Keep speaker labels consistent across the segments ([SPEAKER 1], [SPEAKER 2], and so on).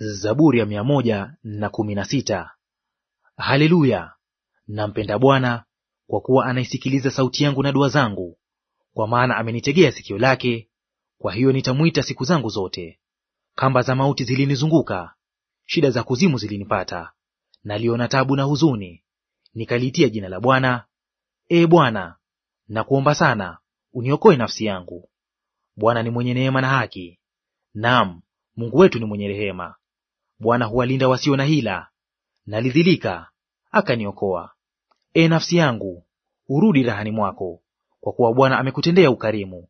[SPEAKER 1] Zaburi ya mia moja na kumi na sita. Haleluya! Nampenda Bwana kwa kuwa anaisikiliza sauti yangu na dua zangu, kwa maana amenitegea sikio lake. Kwa hiyo nitamwita siku zangu zote. Kamba za mauti zilinizunguka, shida za kuzimu zilinipata, naliona tabu na huzuni, nikalitia jina la Bwana. e Bwana, nakuomba sana, uniokoe nafsi yangu. Bwana ni mwenye neema na haki, naam, Mungu wetu ni mwenye rehema. Bwana huwalinda wasio na hila, nalidhilika akaniokoa. E nafsi yangu, urudi rahani mwako, kwa kuwa Bwana amekutendea ukarimu.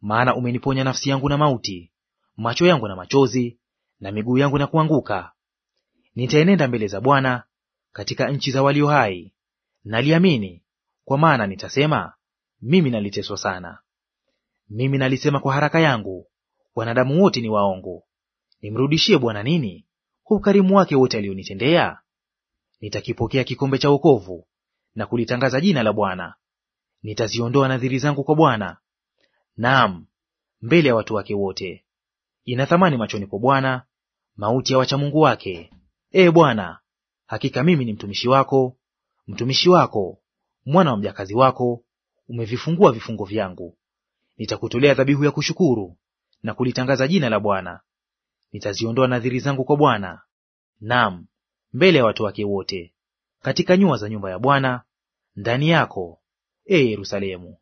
[SPEAKER 1] Maana umeniponya nafsi yangu na mauti, macho yangu na machozi, na miguu yangu na kuanguka. Nitaenenda mbele za Bwana katika nchi za walio hai, naliamini, kwa maana nitasema, mimi naliteswa sana. Mimi nalisema kwa haraka yangu, wanadamu wote ni waongo. Nimrudishie Bwana nini? kwa ukarimu wake wote alionitendea, nitakipokea kikombe cha wokovu na kulitangaza jina la Bwana. Nitaziondoa nadhiri zangu kwa Bwana, naam, mbele ya watu wake wote. Ina thamani machoni kwa Bwana mauti ya wacha Mungu wake. Ee Bwana, hakika mimi ni mtumishi wako, mtumishi wako, mwana wa mjakazi wako, umevifungua vifungo vyangu. Nitakutolea dhabihu ya kushukuru na kulitangaza jina la Bwana nitaziondoa nadhiri zangu kwa Bwana, naam, mbele ya watu wake wote, katika nyua za nyumba ya Bwana ndani yako, e Yerusalemu.